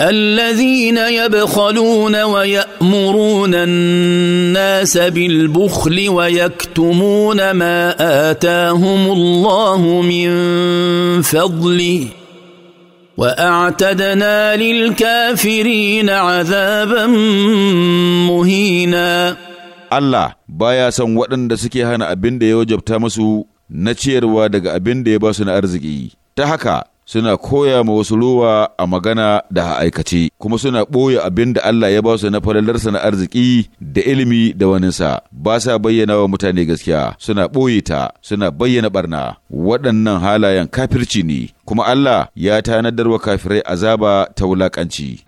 الذين يبخلون ويامرون الناس بالبخل ويكتمون ما اتاهم الله من فضله واعتدنا للكافرين عذابا مهينا الله baya son waɗanda suke hana abin da ya wajabta musu na ciyarwa daga abin da ya ba su na arziki ta haka suna koya ma wasu ruwa a magana da a aikace kuma suna ɓoye abin da Allah ya ba su na falalarsa na arziki da ilimi da waninsa ba sa bayyana wa mutane gaskiya suna ɓoye ta suna bayyana barna waɗannan halayen kafirci ne kuma Allah ya tanadar wa kafirai azaba ta wulaƙanci